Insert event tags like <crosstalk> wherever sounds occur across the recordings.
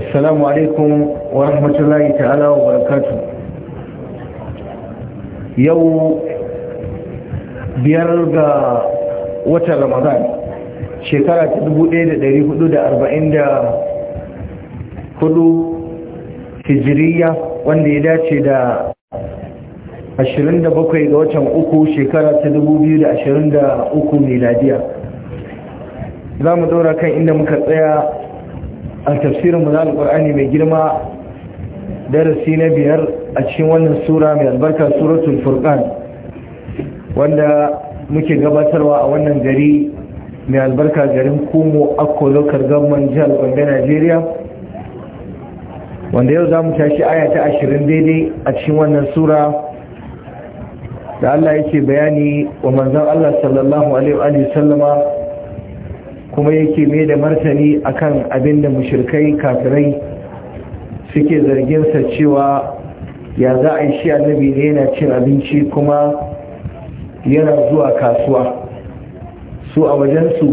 assalamu alaikum wa rahmatullahi ta'ala wa barakatu yau biyar ga watan ramadan shekara ta 1444 hijiriya wanda ya dace da 27 ga watan uku shekara ta 2023 miladiya za mu daura kan inda muka tsaya a tafsirin na alƙur'ani mai girma darasi na biyar a cikin wannan sura mai albarka suratul furkan wanda muke gabatarwa a wannan gari mai albarka garin kumo akko lokar gamman jihar gombe najeriya wanda yau za mu tashi aya ta ashirin daidai a cikin wannan sura da allah yake bayani wa manzan allah sallallahu alaihi wa sallama kuma yake mai da martani akan abin da mashirkai kafirai suke zarginsa cewa ya za a yi shi annabi ne yana cin abinci kuma yana zuwa kasuwa su a wajensu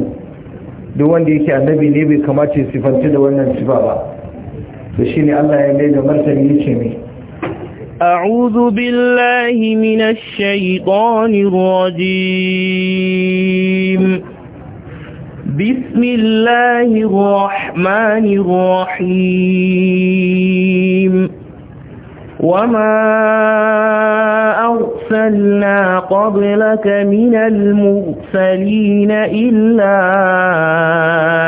duk wanda yake annabi ne bai kamace sifanci da wannan sifa ba to ne Allah ya mai da martani yace mai أعوذ بالله من الشيطان الرجيم بسم الله الرحمن الرحيم وما أرسلنا قبلك من المرسلين إلا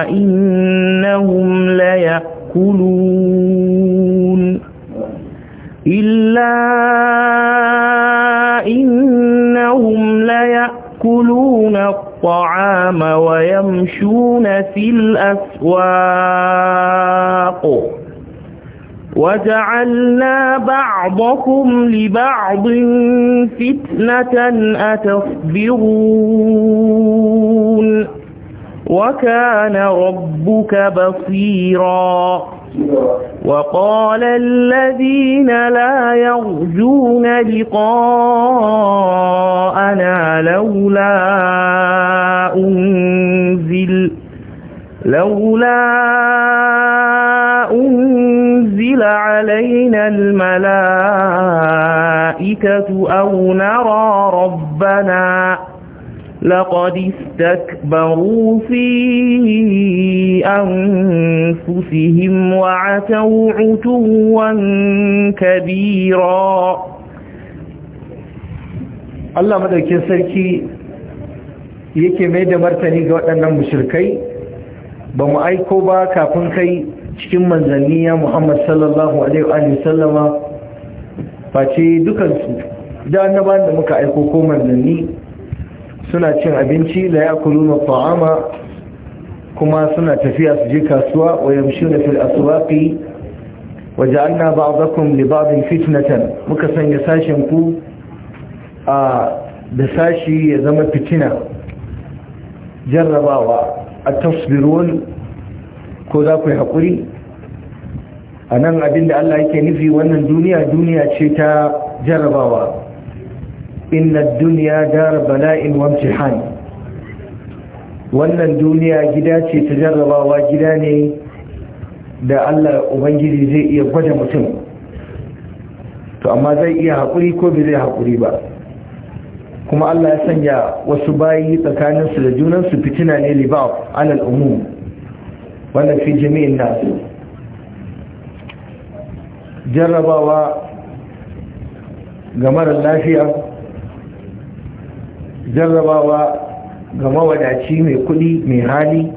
إنهم ليأكلون إلا إنهم ليأكلون يأكلون الطعام ويمشون في الأسواق وجعلنا بعضكم لبعض فتنة أتصبرون وكان ربك بصيرا وقال الذين لا يرجون لقاءنا لولا أنزل لولا أنزل علينا الملائكة أو نرى ربنا لقد استكبروا في أنفسهم وعتوا عتوا كبيرا الله مدركين سركي yake mai da martani ga waɗannan mushirkai ba mu aiko ba kafin kai cikin manzanni ya muhammad sallallahu alaihi wa sallama face dukansu da annabawan da muka aiko ko manzanni suna cin abinci la yakuluna ta'ama kuma suna tafiya su je kasuwa wa na fil aswaqi wa ja'alna ba'dakum li ba'din fitnatan muka sanya sashen ku a da sashi ya zama fitina jarrabawa a tasbirun ko za ku yi haƙuri a nan abinda Allah yake nufi wannan duniya duniya ce ta jarrabawa inna duniya dar bala'in wa imtihan wannan duniya gida ce ta jarrabawa gida ne da Allah ubangiji zai iya gwada mutum to amma zai iya haƙuri ko bai zai haƙuri ba kuma Allah ya sanya wasu bayi tsakaninsu da junansu fitina ne libab alal umum wannan fi jami'in nasu jarrabawa ga marar lafiya jarrabawa ga mawadaci mai kudi mai hali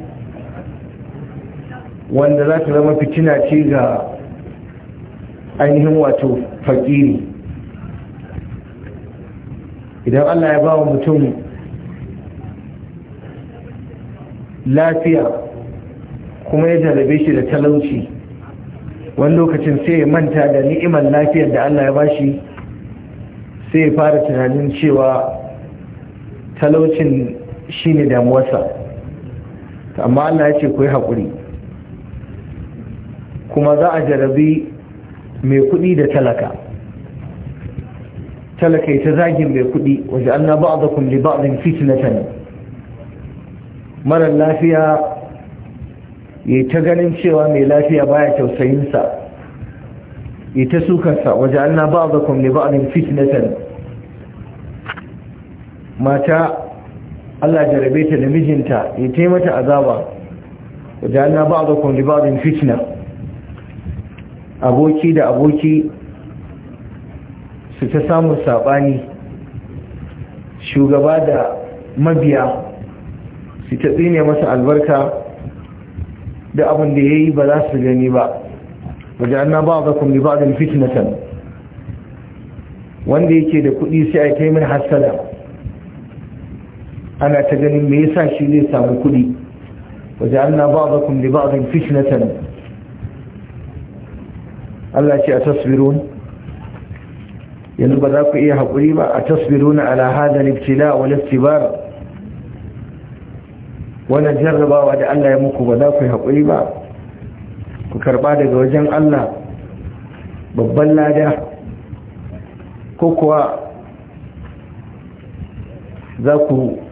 wanda za ta zama fitina ce ga ainihin wato fakiri idan allah ya ba wa mutum lafiya kuma ya jarrabe shi da talauci wani lokacin sai ya manta da ni'imar lafiyar da allah ya ba shi sai ya fara tunanin cewa talaucin ne damuwarsa amma Allah ya ce ku yi haƙuri kuma za a jarabi mai kuɗi da talaka talaka ya ta zagin mai kuɗi waje an na ba'a da kundi ba'a na sani, marar lafiya ya ta ganin cewa mai lafiya baya tausayinsa ya ta sukarsa waje an na ba'a da kundi ba'a na sani. mata Allah jarabe ta da mijinta ya taimata azaba wajen ba da kun libadin fitna aboki da aboki su ta samun saɓani shugaba da mabiya su ta tsine masa albarka da abin da ya yi ba za su gani ba wajen ba da kun libadin fitnatan wanda yake da kuɗi sai a taimin hasala ana ta ganin me yasa shi zai samu kuɗi waje an na ba'adakun da ba'adun Allah ce a tasbirun yanzu ba za ku iya haƙuri ba a tasbirun ala hadar ibtila wa laftibar wani jarrabawa da Allah ya muku ba za ku yi haƙuri ba ku karɓa daga wajen Allah babban lada ko kuwa za ku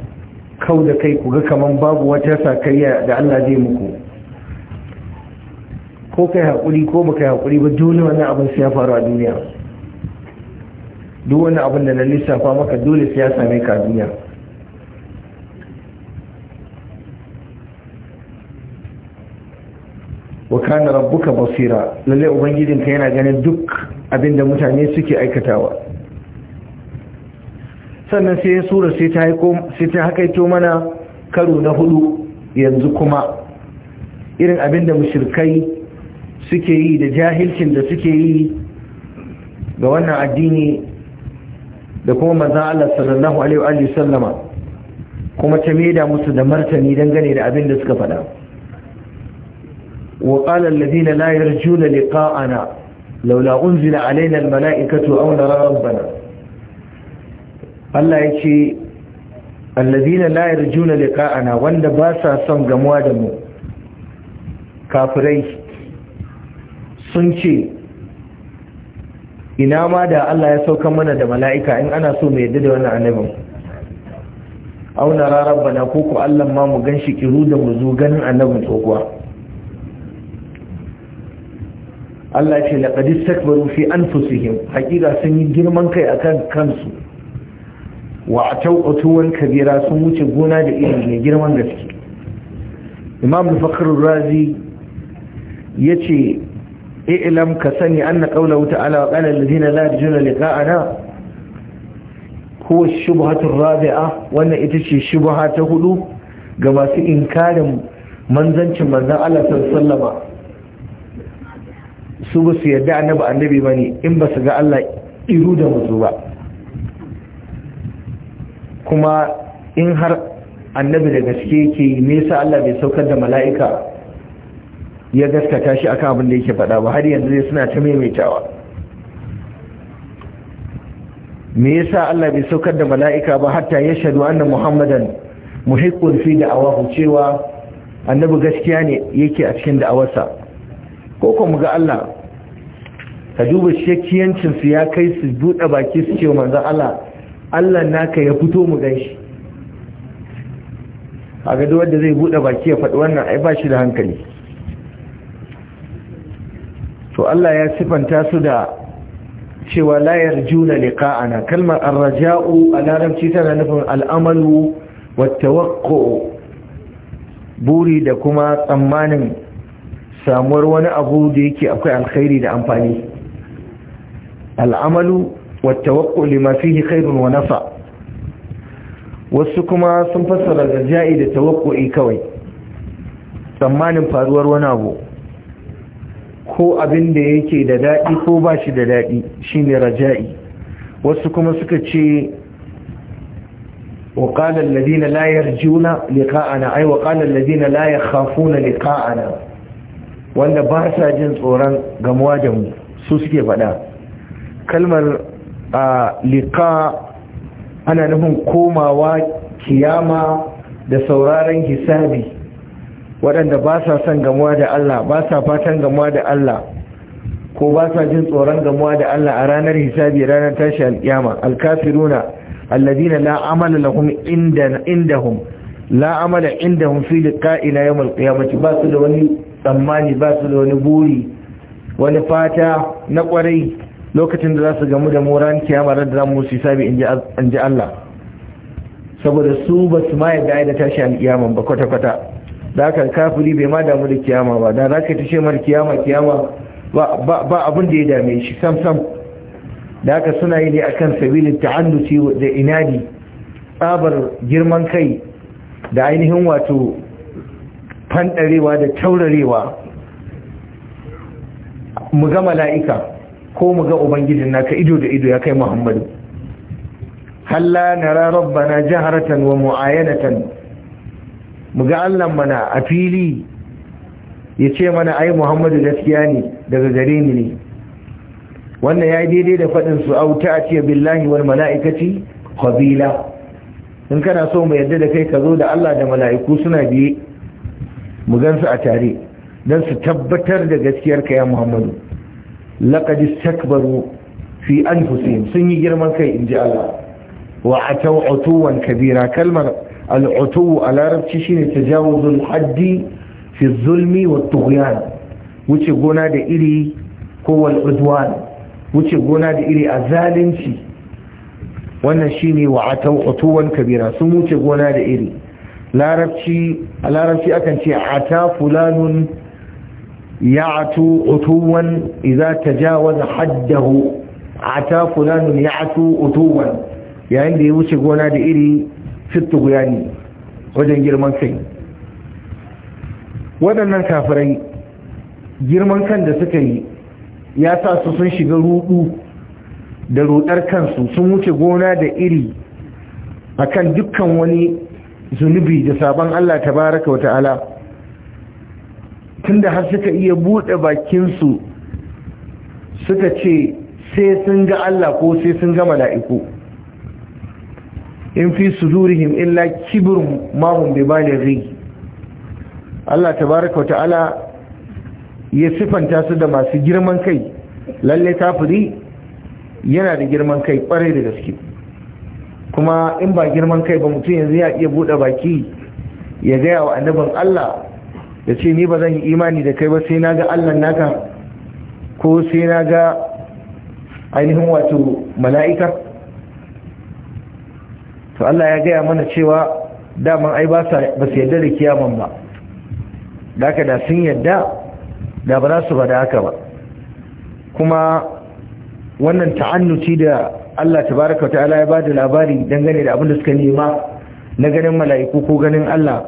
kau da kai ku ga kaman babu wata sakayya da Allah zai muku ko kai haƙuri ko baka haƙuri ba dole wannan abin sai ya faru a duniya duk wani abin da na lissafa maka dole sai ya same ka a duniya wa kana rabbuka basira lalle ubangijinka yana ganin duk abin da mutane suke aikatawa sannan sai sura sai ta haiko mana karo na hudu yanzu kuma irin abinda mushirkai suke yi da jahilcin da suke yi ga wannan addini da kuma Maza Allah sallallahu alaihi wa sallama kuma ta maida musu da martani gane da abin da suka faɗa وقال الذين لا يرجون لقاءنا لولا أنزل علينا الملائكة أو نرى ربنا Allah ya ce alladina la yarjuna liqa'ana wanda ba sa son gamuwa da mu kafirai sun ce ina ma da Allah ya sauka mana da mala'ika in ana so mai yadda da wannan annabin auna bana ko ku Allah ma mu gan shi kiru da mu zo ganin annabin tsohuwa Allah ce laqad istakbaru fi anfusihim hakika sun yi girman kai akan kansu wa a tauɓatuwan kabira sun wuce gona da irin mai girman gaske imam al razi ya ce ilam ka sani an na ƙaula wuta ala wa ƙalar lalzina a liƙa'ana ko shubhatun rabi'a wannan ita ce shubha ta hudu ga masu inkarin manzancin manzan Allah sallama su ba su yarda annabi annabi ba ne in ba su ga Allah iru da mutu ba kuma in har annabi da gaske ke me sa Allah bai saukar da mala'ika ya gaskata shi akan abin da yake faɗa ba har yanzu zai suna ta maimaitawa me yasa Allah bai saukar da mala'ika ba hatta ya shaidu anna muhammadan muhiqqun fi awa cewa annabi gaskiya ne yake a cikin da'awarsa ko kuma ga Allah ka duba shekiyancinsu ya kai su buɗe baki su ce manzan Allah Allah naka ya fito mu gan shi. a gado wanda zai bude baki ya faɗi wannan ai ba shi da hankali to Allah ya sifanta su da cewa layar juna liqa'ana kalmar ar-raja'u a larabci tana nufin al'amalu wat wakko buri da kuma tsammanin samuwar wani abu da yake akwai alkhairi da amfani al'amalu lima fihi khairun wa nafa wasu kuma sun fassara raja'i da tawakku'i kawai tsammanin faruwar wani abu ko abin da yake da daɗi ko ba shi da daɗi shine raja'i wasu kuma suka ce وقال الذين لا يرجون لقاءنا أي وقال الذين لا يخافون لقاءنا wanda ba sa jin tsoron gamuwa da mu su suke faɗa kalmar a liqa ana nufin komawa kiyama da sauraron hisabi waɗanda ba sa son gamuwa da Allah ba sa fatan gamuwa da Allah ko ba sa jin tsoron gamuwa da Allah a ranar hisabi ranar tashi alƙiyama alkafiruna alladina la amala lahum indahum la amala indahum fi liqa'ina yawm alqiyamati ba su da wani tsammani ba su da wani buri wani fata na kwarai lokacin da za su gamu da moran kiyama da za mu su sabi in ji Allah saboda su ba su ma yadda ya tashi ba kwata-kwata da aka kafuri bai ma damu da kiyama ba da za ta ce mar kiyama kiyama ba abin da ya dame shi sam sam da aka suna yi ne akan sabilin ta'annuci da inadi tsabar girman kai da ainihin wato fandarewa da taurarewa mu ga mala'ika ko mu ga ubangijin naka ido da ido ya kai muhammadu halla nara rabbana jaharatan wa mu'ayyanatan mu ga allan mana a fili ya ce mana ai muhammadu gaskiya ne daga gare ni ne wannan ya yi daidai da faɗin su auta a ce billahi wani mala'ikaci qabila in kana so mu yadda da kai ka zo da Allah da mala'iku suna biye mu gansu a tare don su tabbatar da gaskiyar ka ya muhammadu laqad istakbaru fi anfusihim sun yi girman kai inji Allah wa ataw utuwan kabira kalmar al'utu a larabci shine tajawuzul haddi fi zulmi wa tughyan wuce gona da iri ko wal wuce gona da iri a zalunci wannan shine wa ataw utuwan kabira sun wuce gona da iri larabci a larabci akan ce ata fulanun ya'tu utuwan idza tajawaza haddahu ata fulanun ya'tu utuwan yayin da ya wuce gona da iri fitu wajen girman kai waɗannan kafirai girman kan da suka yi ya sa su sun shiga rudu da rudar kansu sun wuce gona da iri akan dukkan wani zunubi da sabon Allah tabaraka wa ta'ala tunda har suka iya buɗe bakinsu suka ce sai sun ga Allah ko sai sun ga mala'iku in fi su sudurihim illa mahun bai ba da zai Allah baraka wa ta'ala ya siffanta su da masu girman kai lalle kafiri yana da girman kai kwarai da gaske kuma in ba girman kai ba mutum yanzu ya iya buɗe baki ya gaya wa annabin Allah ya ce ni ba zan yi imani da kai ba sai na ga allah naka ko sai na ga ainihin wato mala'ika to allah ya gaya mana cewa daman ai ba su yadda da kiyaman ba da aka da sun yadda da ba za su ba da haka ba kuma wannan ta'annuci da Allah tabaraka ta'ala ya bada labari dangane da abin da suka nema na ganin mala'iku ko ganin Allah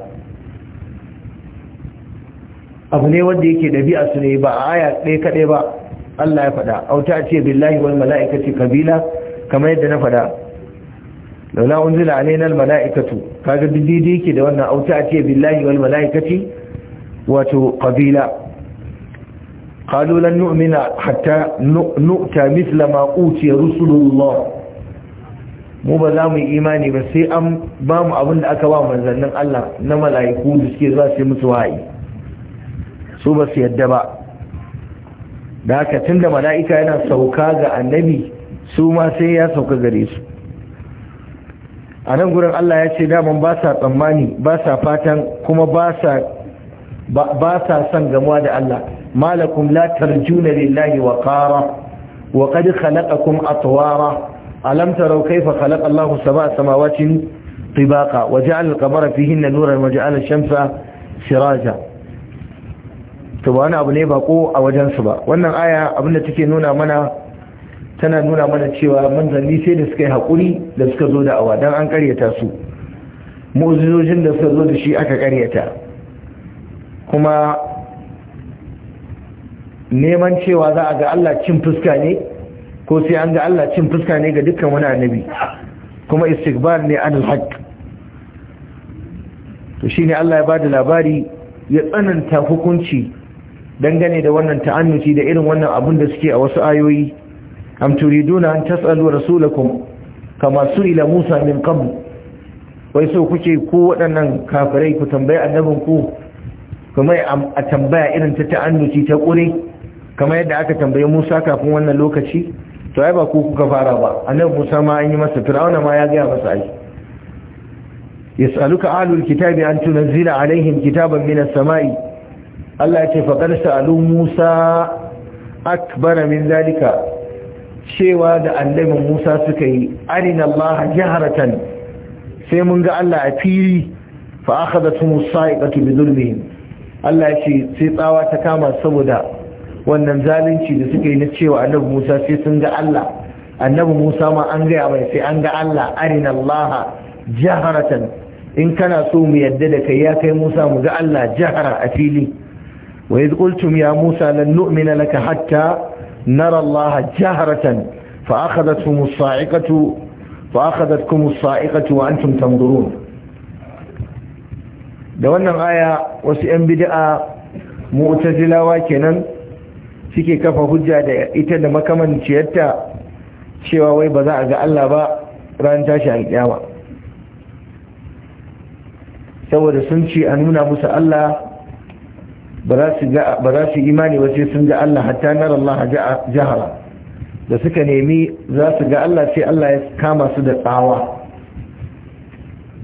abu ne wanda yake ɗabi'a su ne ba a aya ɗaya kaɗai ba Allah ya faɗa auta ce billahi wal mala'ikati kabila kamar yadda na faɗa laula unzila alaina al mala'ikatu kaga didi yake da wannan auta ce billahi wal mala'ikati wato kabila qalu lan nu'mina hatta nu'ta mithla ma utiya rusulullah mu ba za mu yi imani ba sai an ba mu abin da aka ba manzannin Allah na mala'iku da suke zuwa sai musu wahayi su ba su yadda ba da haka tun da mala'ika yana sauka ga annabi su ma sai ya sauka gare su a nan gurin Allah ya ce daman ba sa tsammani ba sa fatan kuma ba sa son gamuwa da Allah malakum la tarjuna lillahi wa qara wa qad khalaqakum atwara alam taraw kayfa khalaqa Allahu sab'a samawati tibaqa wa ja'ala al-qamara fihinna nuran wa ja'ala ash-shamsa siraja to ba wani abu ne ba ko a wajensu ba wannan aya abinda take nuna mana tana nuna mana cewa manzanni sai da suka yi hakuri da suka zo da awa don an ƙaryata su mu'ujizojin da suka zo da shi aka ƙaryata kuma neman cewa za a ga Allah cin fuska ne ko sai an ga Allah cin fuska ne ga dukkan wani annabi kuma istikbar ne an alhaq to shine Allah ya ba da labari ya tsananta hukunci dangane da wannan ta'annuci da irin wannan abun da suke a wasu ayoyi am turiduna an tasalu rasulakum kama su'ila Musa min qabl wai so kuke ko waɗannan kafirai ku tambaye annabin ku kuma a tambaya irin ta ta'annuci ta ƙure kamar yadda aka tambaye Musa kafin wannan lokaci to ai ba ku kuka fara ba annabi Musa ma an yi masa Fir'auna ma ya ga masa ai yas'aluka ahlul kitabi an tunzila alaihim kitaban minas sama'i Allah ya ce faƙar sa'alu Musa akbara min zalika cewa da annabin Musa suka yi arin Allah sai mun ga Allah a fili fa akhadathum as-sa'iqatu bi dhulmihim Allah ya ce sai tsawa ta kama saboda wannan zalunci da suka yi na cewa annabi Musa sai sun ga Allah annabi Musa ma an gaya mai sai an ga Allah arin Allah jaharatan in kana so mu yadda da kai ya kai Musa mu ga Allah jihar a fili wa idh ya musa lan nu'mina laka hatta nara allaha jahratan fa akhadhatkum as wa antum da wannan aya wasu 'yan bid'a mu'tazilawa kenan suke kafa hujja da ita da makamanciyarta cewa wai ba za a ga Allah ba ran tashi alƙiyama saboda sun ce a nuna musu Allah ba za su imani ba sai sun ga Allah hatta na Allah jahara da suka nemi za su ga Allah sai Allah ya kama su da tsawa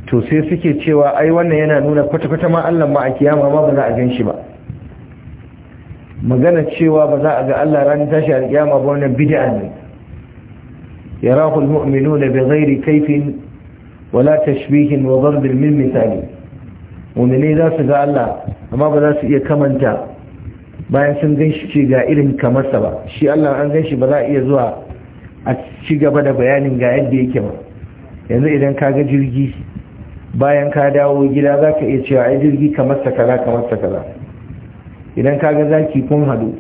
to sai suke cewa ai wannan yana nuna kwata-kwata ma Allah ma a kiyama ma ba za a gan shi ba magana cewa ba za a ga Allah ranar tashi a kiyama ba wannan bid'a ne yarahul mu'minuna bi ghairi kaifin wala tashbihin wa darbin min misali muminai za su ga Allah amma ba za su iya kamanta bayan sun gan shi ce ga irin kamarsa ba shi Allah an gan shi ba za a iya zuwa a ci gaba da bayanin ga yadda yake ba yanzu idan ka ga jirgi bayan ka dawo gida za ka iya cewa ai jirgi kamarsa kaza kamarsa kaza idan ka ga zaki kun hadu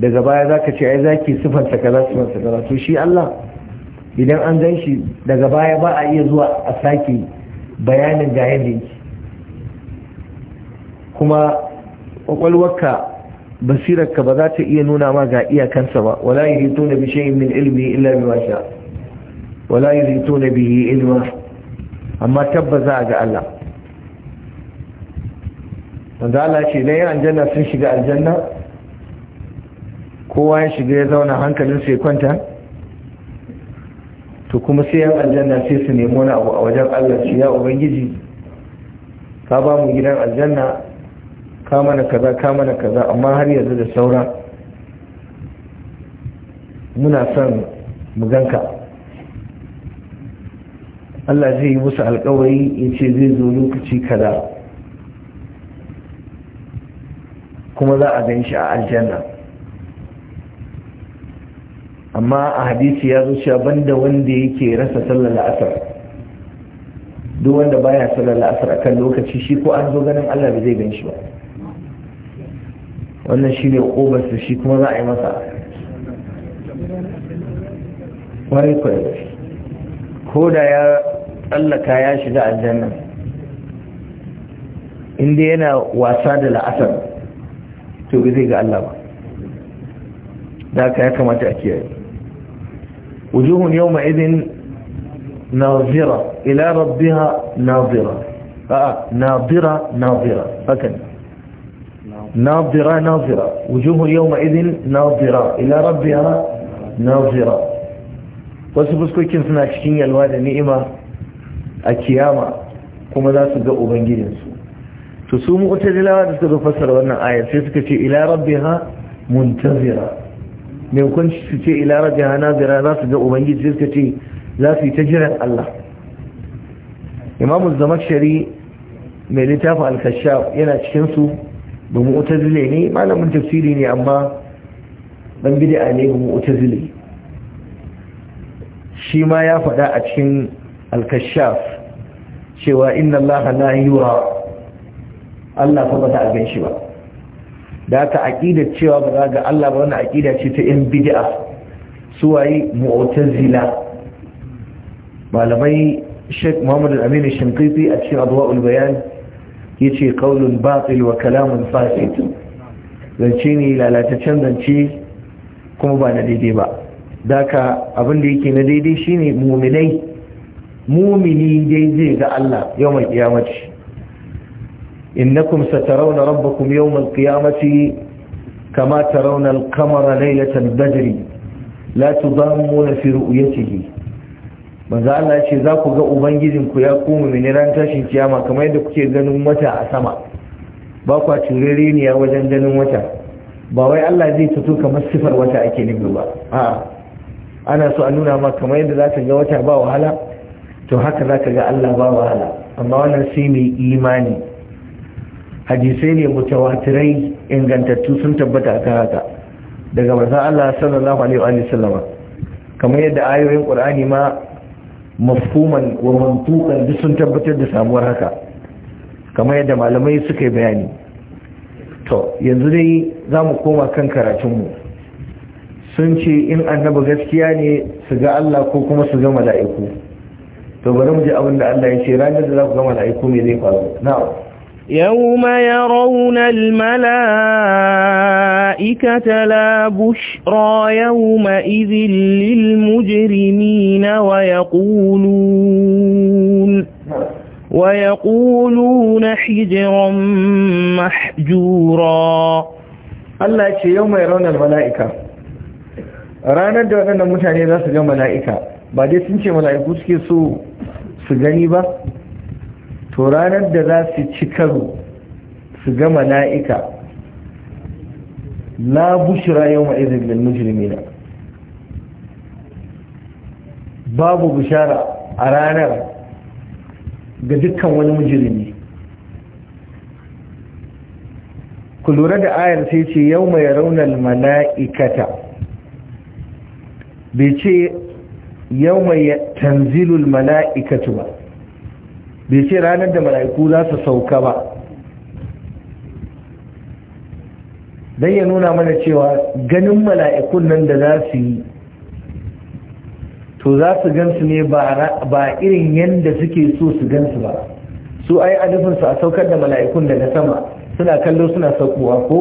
daga baya za ka ce ai zaki sifarsa kaza sifarsa kaza to shi Allah idan an gan shi daga baya ba a iya zuwa a sake bayanin ga yadda yake kuma kwakwalwarka basirarka ba za ta iya nuna ma ga iyakansa ba wala na bishe yi min ilmi illa bima sha wala yuhituna bihi ilma amma tabbaza ga Allah wanda Allah ce dai aljanna sun shiga aljanna kowa ya shiga ya zauna hankalin sai kwanta to kuma sai yan aljanna sai su nemi wani abu a wajen Allah ce ya ubangiji ka ba mu gidan aljanna ka mana kaza ka mana kaza amma har yanzu da saura muna son mu ganka Allah zai yi musu alkawari ya ce zai zo lokaci kaza kuma za a gan shi a aljanna amma a hadisi ya zo cewa banda wanda yake rasa sallar la'asar duk wanda baya sallar la'asar akan lokaci shi ko an zo ganin Allah ba zai gan shi ba wannan shi ne ƙobarsa shi kuma za a yi masa wani kwanci ko da ya tsallaka ya shiga aljanna inda yana wasa da la'asar to zai ga Allah ba da aka ya kamata a kiyaye wujuhun yau ma'izin nazira ila rabbiha nazira a'a nazira nazira haka ne ناظرة ناظرة وجوه يومئذ ناظرة إلى ربها ناظرة وسبسكو كنسنا كشين يلوان نئمة أكياما كما ذا سجاء بنجينسو تسوموا أتدلاوة تسكتوا فسر وانا آية تسكتوا إلى ربها منتظرة mai hukunci su ce ila rabbi hana zira za su ga ubangiji suka ce za su yi ta jiran Allah imamu zamakshari mai littafin alkashaf yana cikinsu ba mu'tazile ne malamin tafsiri ne amma dan bid'a ne ba mu'tazile shi ma ya faɗa a cikin al-kashaf cewa inna Allah la yura Allah fa bata shi ba da aka aqida cewa ba za ga Allah ba wannan aqida ce ta in bid'a suwaye mu'tazila malamai Sheikh Muhammad Al-Amin Shinqiti a cikin Adwa'ul Bayan yace qaulun batil wa kalamun fasid zance ne lalataccen zance kuma ba na daidai ba daka abin da yake na daidai shine mu'minai mumini dai zai ga Allah yawmal qiyamati innakum satarawna rabbakum yawmal qiyamati kama tarawna al-qamara laylatan badri la tudammuna fi ru'yatihi manzo Allah ya ce za ku ga Ubangijin ku ya koma mini ran tashin kiyama kamar yadda kuke ganin wata a sama ba kwa ya wajen ganin wata ba wai Allah zai fito kamar sifar wata ake nufi ba a'a ana so a nuna ma kamar yadda za ka ga wata ba wahala to haka za ka ga Allah ba wahala amma wannan sai mai imani hadisai ne mutawatirai ingantattu sun tabbata akan haka daga manzo Allah sallallahu alaihi wa sallama kamar yadda ayoyin Qur'ani ma mafhuman wa mantuƙan duk sun tabbatar da samuwar haka kamar yadda malamai suka yi bayani to yanzu dai za mu koma kan karatunmu sun ce in annaba gaskiya ne su ga Allah ko kuma su ga mala'iku to bari mu ji abin da Allah ya ce ranar da za ku ga mala'iku me zai faru na'am يوم يرون الملائكة لا بشرى يومئذ للمجرمين ويقولون ويقولون حجرا محجورا الله يكي يوم يرون الملائكة ranar da waɗannan mutane za su ga mala'ika ba dai sun ce mala'iku suke so su gani ba to ranar da za su ci karo su ga mala'ika la yau ma idhin da mujrimina babu bishara a ranar ga dukkan wani mujrimi ku lura da ayar sai ce yau mai raunar mala'ikata bai ce yau mai tanzilul mala'ikatu ba bai ce ranar da mala'iku za su sauka ba don ya nuna mana cewa ganin mala'ikun nan da za su yi to za su gansu ne ba irin yadda suke so su gansu ba su ai adufinsu a saukar da mala'ikun daga sama suna kallo suna saukowa ko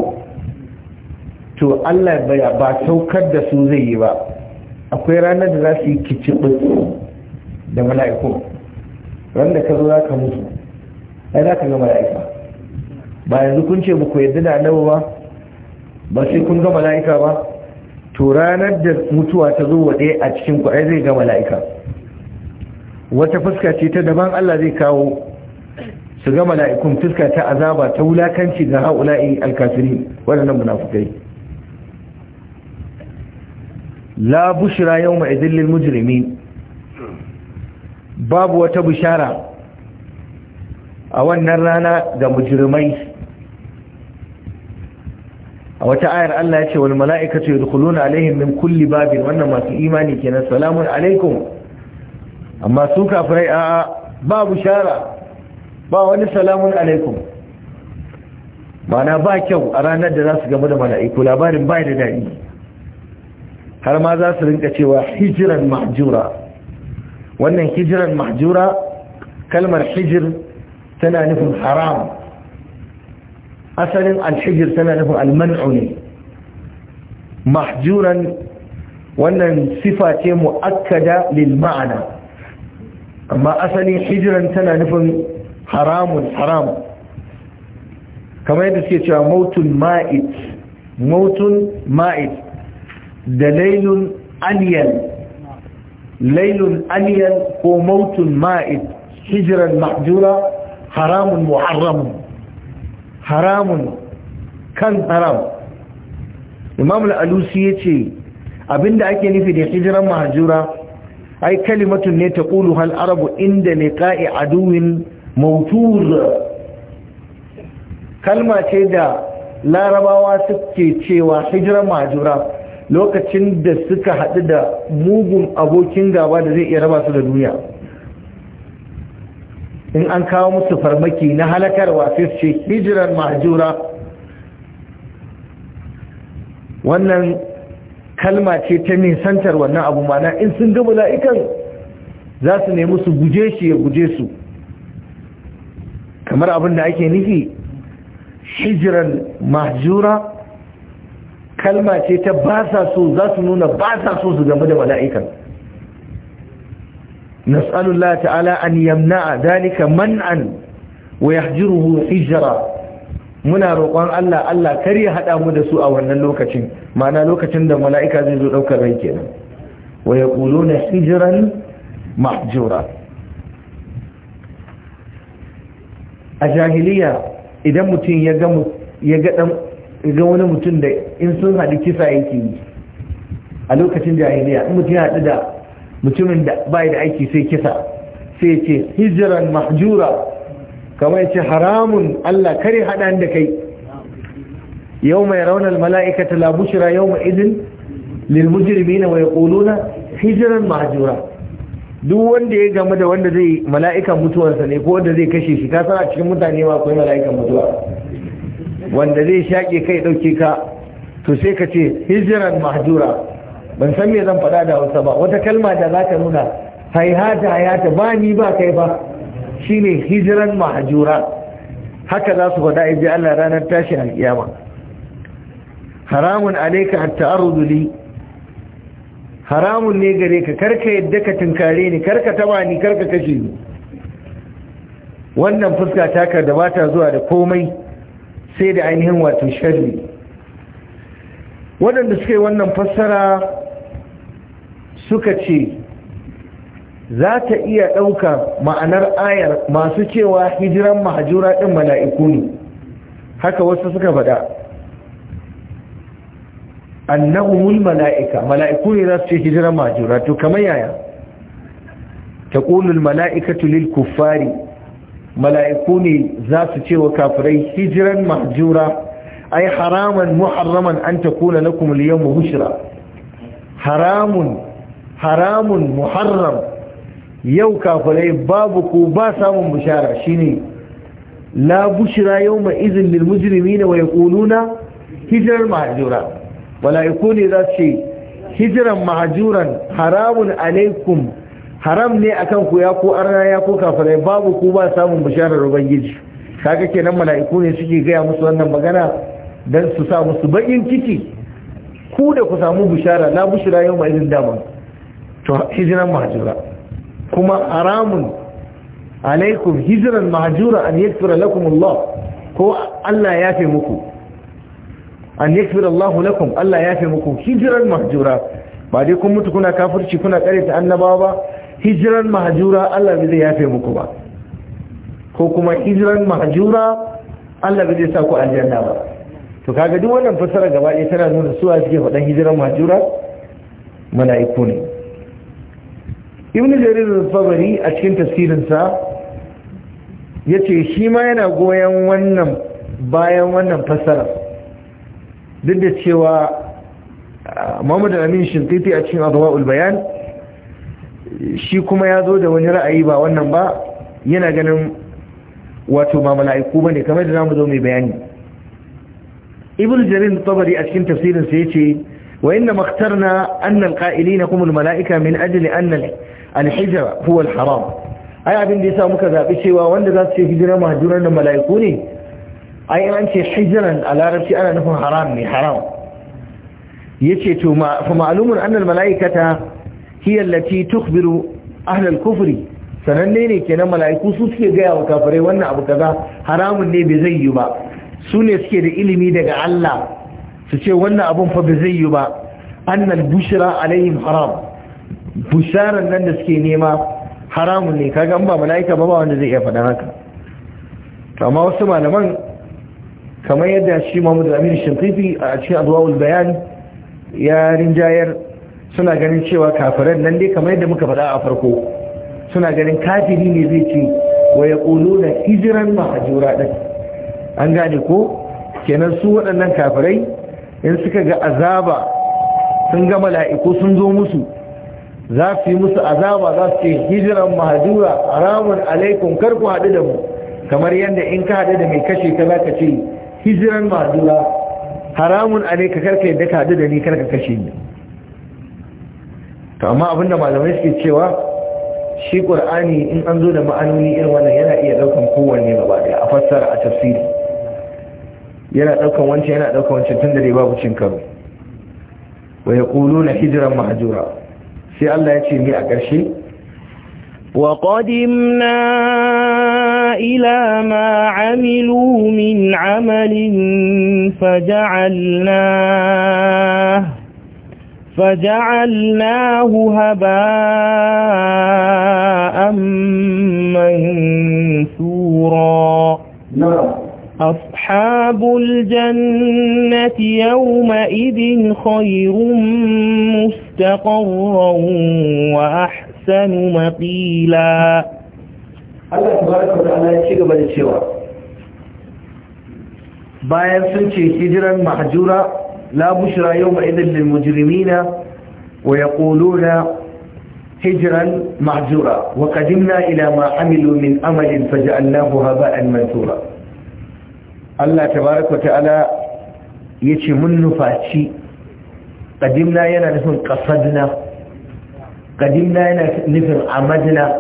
to allah ba saukar da su zai yi ba akwai ranar da za su yi kicibin da mala'ikun wanda ka zo za ka mutu ai za ka ga mala'ika ba yanzu kun ce muku yadda da nawa ba ba sai kun ga mala'ika ba to ranar da mutuwa ta zo wa a cikin ku zai ga mala'ika wata fuska ce ta daban Allah zai kawo su ga mala'ikun fuska ta azaba ta wulakanci ga haula'i alkafiri waɗannan munafukai la bushra yawma idhil lil mujrimin babu wata bishara a wannan rana ga mujirmai a wata ayar Allah ya ce wal mala'ikatu yadkhuluna alaihim min kulli babin wannan masu imani kenan salamun alaikum amma su kafirai a ba bishara ba wani salamun alaikum mana ba kyau a ranar da za su gamu da mala'iku labarin bai da daɗi har ma za su rinka cewa hijiran mahjura wannan hijiran mahjura kalmar hijir tana nufin haram asalin alhijir tana nufin alman'u ne mahjuran wannan sifa ce mu'akkada lil ma'ana amma asalin hijiran tana nufin haramun haram kamar yadda suke cewa mautun ma'it mautun ma'it dalailun lailun aniyan ko mautun ma'id hijiran mahjura haramun muharramun haramun kan haram imam al'alusi ya ce abinda ake nufi da hijiran mahjura ai kalimatun ne ta ƙulu hal arabu inda ne ƙa'i aduwin mautur kalma ce da larabawa suke cewa hijiran mahjura lokacin da suka haɗu da mugun abokin gaba da zai iya raba su da duniya in an kawo musu farmaki na halakarwa sai su ce hijiran mahajura wannan kalma ce ta nisantar wannan abu mana in sun gaba la'ikan za su nemi su guje shi ya guje su kamar abin da ake nufi hijiran mahajura kalma ce ta ba sa so za su nuna ba sa so su gamu da mala'ikan nas'alullah ta'ala an yamna'a dalika man'an wa yahjuruhu hijira. muna roƙon Allah Allah kar ya haɗa mu da su a wannan lokacin ma'ana lokacin da mala'ika zai zo ɗaukar rai kenan wa yaquluna hijran mahjura a jahiliya idan mutum ya ga ga wani mutum da in sun haɗu kisa yake yi a lokacin jahiliya in mutum ya haɗu da mutumin da ba da aiki sai kisa sai ce hijiran mahjura kamar ce haramun Allah kare haɗa da kai yau mai raunar mala'ikata ta labushira yau mai izin lilmujirmi na mai ƙuluna hijiran mahjura duk wanda ya gamu da wanda zai mala'ikan mutuwarsa ne ko wanda zai kashe shi ta a cikin mutane ma akwai mala'ikan mutuwa wanda zai shaƙe kai ɗauke ka to sai ka ce hijiran mahjura ban san me zan faɗa da hausa ba wata kalma da za ta nuna haihata hayata ba ni ba kai ba shine hijiran mahjura haka za su faɗa ibi Allah ranar tashi alƙiyama. haramun alaika hatta taarrudu haramun ne gare ka karka yadda ka tunkare ni karka taba ni karka kashe ni wannan fuska taka da bata zuwa da komai sai da ainihin wato sharri waɗanda suka yi wannan fassara suka ce za ta iya ɗauka ma'anar ayar masu cewa hijiran mahajura ɗin mala'iku ne haka wasu suka faɗa annahumul mala'ika mala'iku ne za su ce hijiran mahajura to kamar yaya ta ƙulul mala'ikatu lil kuffari mala'iku ne za su ce wa kafirai hijiran mahjura ai haraman muharraman an takuna lakum al-yawma hushra haramun haramun muharram yau kafirai babu ku ba samun bishara shine la bushra yau idhin lil mujrimina wa yaquluna hijran mahjura mala'iku ne za su ce hijiran mahjuran haramun alaikum haram ne akan ku ya ko arna ya ko kafirai babu ku ba samun bisharar ubangiji kaga kenan mala'iku ne suke gaya musu wannan magana dan su sa musu bakin ciki ku da ku samu bishara la bushra yau mai dama to hijran mahjura kuma haramun alaikum hijran mahjura an yakfira lakum Allah ko Allah ya fi muku an yakfir Allah lakum Allah ya fi muku hijran mahjura ba dai kun mutu kuna kafirci kuna ta annabawa ba hijiran mahajura Allah bai zai yafe muku ba ko kuma hijiran mahajura Allah bai zai sa ku aljanna ba to kaga duk wannan fassara gaba ɗaya tana nuna suwa suke faɗan hijiran mahajura mala'iku ne ibn jarir al-tabari a cikin tafsirin sa yace shi ma yana goyen wannan bayan wannan fassara duk da cewa ah, Muhammad Amin Shinkiti a cikin Adwa'ul Bayan shi kuma ya zo da wani ra'ayi ba wannan ba yana ganin wato ba mala'iku ba ne kamar da zamu zo mai bayani ibn jarir tabari a cikin tafsirin sa yace wa inna maktarna na alqa'ilina kuma mala'ika min ajli anna alhijra huwa alharam ai abin da sa muka zabi cewa wanda za su ce hijira mahjuran da mala'iku ne ai an ce hijiran a larabci ana nufin haram ne haram yace to fa ma'lumun anna mala'ikata? hiya lati tukbiru ahlal kufri sananne ne kenan mala'iku su suke gaya wa kafirai wannan abu kaza haramun ne bai zai yi ba su ne suke da ilimi daga Allah su ce wannan abun fa bai zai yi ba annal bushra alaihim haram busharan nan da suke nema haramun ne kaga an ba mala'ika ba ba wanda zai iya faɗa haka to amma wasu malaman kamar yadda shi Muhammad Amir Shinkifi a cikin Adwaul Bayan ya rinjayar suna ganin cewa kafiran nan dai kamar yadda muka faɗa a farko suna ganin kafiri ne zai ce wa ya ƙulu da hijiran mahajura ɗin an gane ko kenan su waɗannan kafirai in suka ga azaba sun ga mala'iku sun zo musu za su yi musu azaba za su ce hijiran mahajura haramun alaikum kar ku haɗu da mu kamar yadda in ka haɗu da mai kashe ka za ka ce hijiran mahajura haramun alaika kar ka yadda ka haɗu da ni kar ka kashe ni to amma abinda malamai suke cewa shi qur'ani in an zo da ma'anoni irin wannan yana iya daukan kowanne gaba daya a fassara a tafsiri yana daukan wancan yana daukan wancan tun da dai babu cin karo wa yaquluna hijran mahjura sai Allah ya ce ni a ƙarshe wa qadimna ila ما عملوا من عمل فجعلناه فجعلناه هباء منثورا نعم. أصحاب الجنة يومئذ خير مستقرا وأحسن مقيلا الله تبارك وتعالى يشيك بالشواء bayan sun ce hijiran mahjura لا بشرى يومئذ للمجرمين ويقولون هجرا معجورا وقدمنا إلى ما عملوا من أمل فجعلناه هباء منثورا الله تبارك وتعالى يتي من نفاتي قدمنا ينا نفن قصدنا قدمنا ينا نفن عمدنا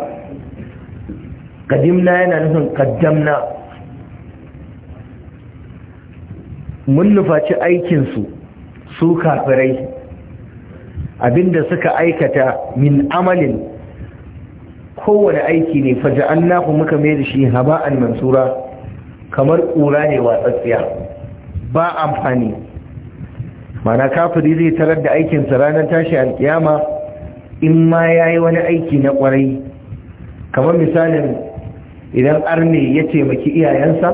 قدمنا ينا نفن قدمنا mun nufaci aikinsu su kafirai abinda suka aikata min amalin kowane aiki ne faja'annahu muka mai da shi haba'an mansura kamar kura ne watsatsiya ba amfani mana kafiri zai tarar da aikinsa ranar tashi alkiyama in ma ya yi wani aiki na kwarai kamar misalin idan arne ya taimaki iyayensa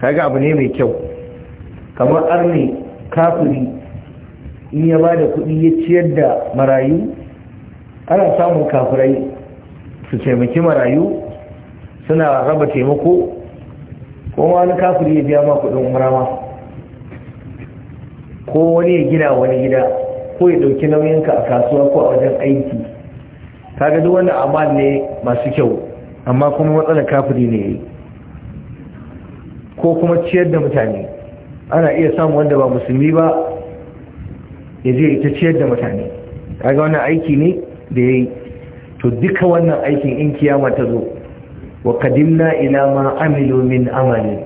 kaga abu ne mai kyau kamar arne kafiri in ya ba da kuɗi ya ciyar da marayu ana samun kafirai su taimaki marayu suna raba taimako ko wani kafiri ya biya ma kuɗin rama, ko wani ya gina wani gida ko ya ɗauki nauyinka a kasuwa ko a wajen aiki kaga duk wanda amal ne masu kyau amma kuma matsalar kafiri ne ko kuma ciyar da mutane ana iya samun wanda ba musulmi ba ya je ita ciyar da mutane kaga wannan aiki ne da ya yi to duka wannan aikin in kiyama ta zo wa kadimna ila ma amilu min amali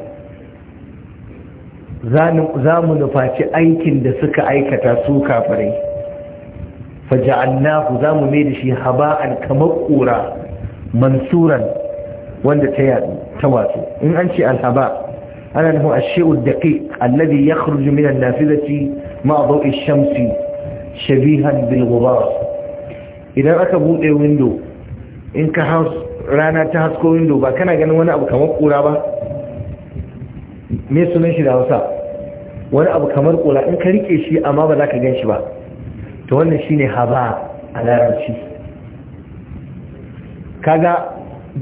za mu nufaci aikin da suka aikata su kafirai faja'alnahu za mu mai da shi haba'an kamar kura mansuran wanda ta yadu ta wasu in an ce alhaba ana nufin ashe'ud daqiq alladhi yakhruju min an ma dawi shamsi shabi bil idan aka bude window in ka rana ta hasko windo ba kana ganin wani abu kamar kura ba me sunan shi da Hausa wani abu kamar kura in ka rike shi amma ba za ka gan shi ba ta wannan shine haba a larabci kaga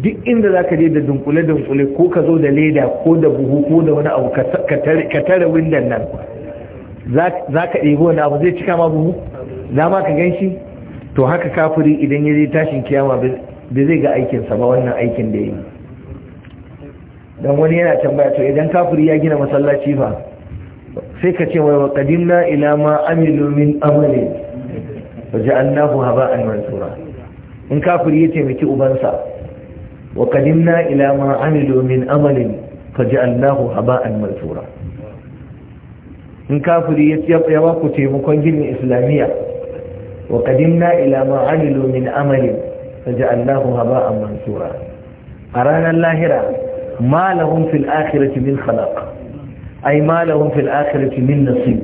duk inda za ka je da dunkule-dunkule ko ka zo da leda ko da buhu ko da wani abu ka tare windan nan za ka ɗebi wani abu zai cika ma buhu za ma ka gan shi to haka kafiri idan ya zai tashin kiyama bai zai ga aikinsa ba wannan aikin da ya yi don wani yana tambaya to idan kafiri ya gina masallaci fa sai ka ce wai na ila ma amilu min amali wa ja'alnahu an mansura in kafiri ya taimaki ubansa na ila ma amilu min amali fa ja'alnahu an mansura in kafiri ya ba ku taimakon ginin islamiyya wa qadimna ila ma amilu min amalin faja'alnahu haba'an mansura a ranar lahira ma lahum fil akhirati min khalaq ai ma lahum fil akhirati min nasib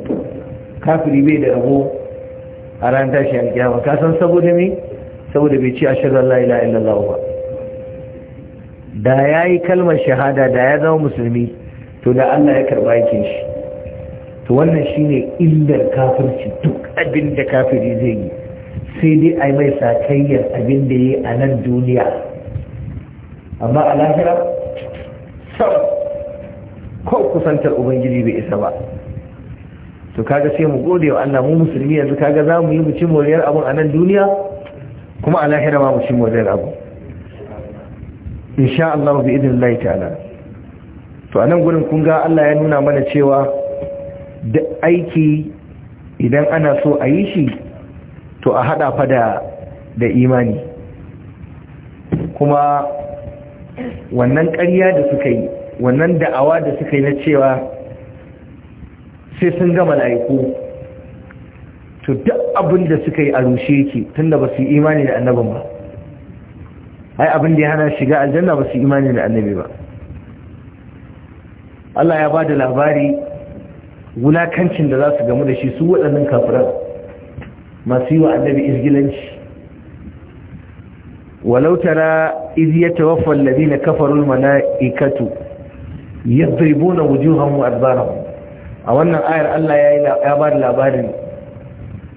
kafiri bai da rabo a ran tashi alkiyama ka san saboda me saboda bai ci ashhadu an la ilaha illallah ba da yayi kalmar shahada da ya zama musulmi to da Allah ya karba yakin shi to wannan shine illar kafirci duk abin da kafiri zai yi sai dai a mai sakayyar abin da ya yi a nan duniya amma a lahira sau ko kusantar ubangiji bai isa ba to kaga sai mu gode wa Allah mu musulmi yanzu kaga za mu yi mu ci moriyar abun a nan duniya kuma a lahira ma mu ci moriyar abu insha Allah bi idin Allah ta'ala to anan gurin kun ga Allah ya nuna mana cewa duk aiki idan ana so a yi shi to a haɗa fa da imani kuma wannan ƙarya da suka yi wannan da'awa da suka yi na cewa sai sun gama mala'iku to duk abin da suka yi a rushe ki tunda ba su yi imani da annabin ba ai abin da ya hana shiga aljanna ba su yi imani da annabi ba Allah ya ba da labari wulakancin da za su gamu da shi su waɗannan kafiran masu yi wa annabi izgilanci walau tara iz na alladhina kafaru ya yadribuna na wa hannu a wannan ayar Allah ya ba da labarin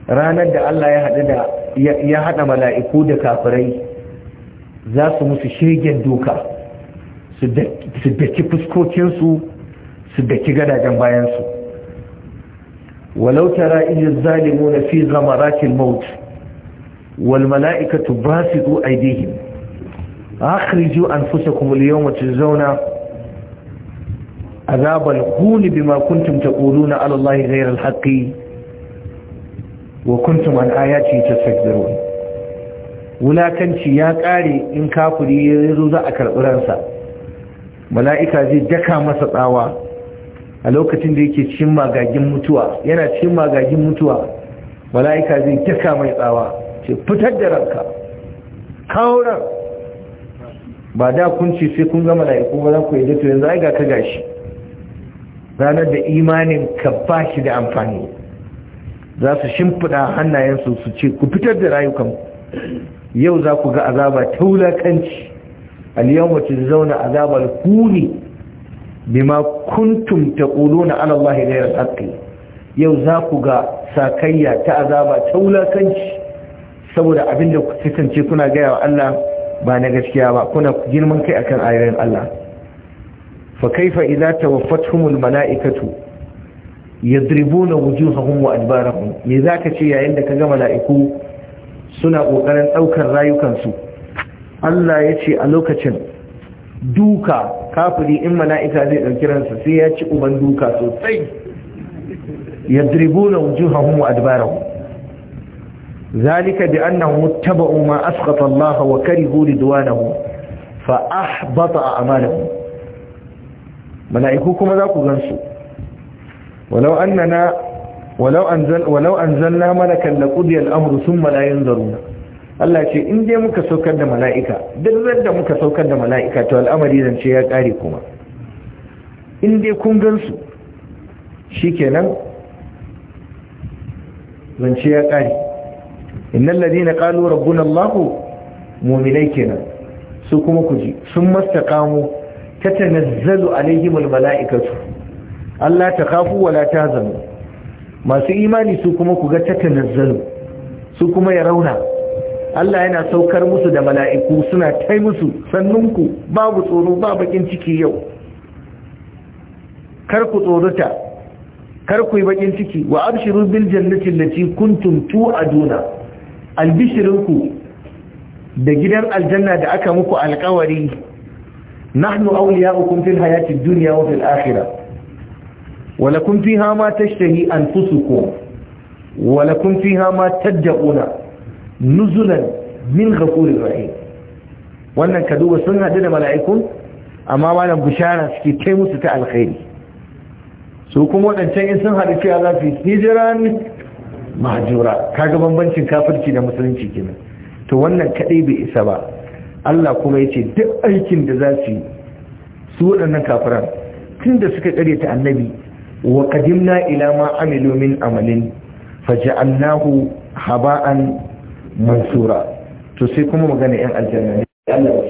ranar da Allah ya haɗa mala'iku da kafirai za su musu shirgen doka su daki fuskokinsu su daki gadajen bayansu ولو ترى إذ الظالمون في غمرات الموت والملائكة باسطوا أيديهم أخرجوا أنفسكم اليوم تجزون عذاب الهون بما كنتم تقولون على الله غير الحق وكنتم عن آياته تستكبرون wulakanci ya ƙare in kafuri ya zo za a karɓi ransa mala'ika zai daka masa tsawa a lokacin da yake cikin magagin mutuwa yana cikin magagin mutuwa mala'ika zai taka mai tsawa ce fitar da ranka kawo ran ba da kun ce sai kun ga mala'iku ba za ku yi to yanzu ai ga ka gashi ranar da imanin ka ba shi da amfani za su shimfiɗa hannayensu su ce ku fitar da rayukan yau za ku ga azaba taulakanci. wulakanci al yawma tuzawna azabal kuni bima kuntum taquluna ala Allah ghayra al-haqqi yau za ku ga sakayya ta azaba ta wulakanci saboda abinda ku kasance kuna gaya wa Allah ba na gaskiya ba kuna girman kai akan ayoyin Allah fa kaifa idza tawaffatuhumul malaikatu yadribuna wujuhahum wa adbarahum me zaka ce yayin da ka kaga mala'iku suna kokarin daukar rayukansu Allah yace a lokacin duka kafiri in mala'ika zai ɗauki ransa sai ya ci uban duka sosai ya dribu na wujuhahun adbarahu zalika bi annahu taba'u ma asqata Allah wa karihu ridwanahu fa ahbata a'malahum mala'iku kuma za ku gansu walau annana walau anzal walau anzalna malakan laqudiya al-amru thumma la yanzuruna Allah ce in dai muka saukar da mala'ika duk da muka saukar da mala'ika to al'amari zance ya ƙare kuma in dai kun gansu shi shikenan zance ya ƙare. kare innal na qalu rabbuna mako, mu'minai kenan su kuma ku ji. sun masta ta mastaqamu tatanazzalu alaihimul mala'ikatu Allah ta kafu wala ta zanu masu imani su kuma ku ga ta ta tatanazzalu su kuma ya rauna Allah yana saukar musu da mala'iku suna tai musu sannunku babu tsoro ba bakin ciki yau kar ku tsorota kar yi bakin ciki wa abshiru bil jannati allati kuntum tu'aduna albishirinku da gidan aljanna da aka muku alkawari nahnu awliya'ukum fil hayatin duniya wa fil akhirah wa lakum fiha ma tashtahi anfusukum wa lakum fiha ma tad'una nuzulan min ghafurir rahim wannan ka duba sun hadu da mala'ikun amma malam bishara suke kai musu ta alkhairi su kuma wadancan in sun hadu cewa za su hijiran mahjura kaga bambancin kafirci da musulunci kenan to wannan kadai bai isa ba Allah kuma ya ce duk aikin da za su yi su waɗannan kafiran tunda suka karya ta annabi wa qadimna ila ma amilu min amalin faj'alnahu haba'an mansura to sai kuma magana yan aljanna ne Allah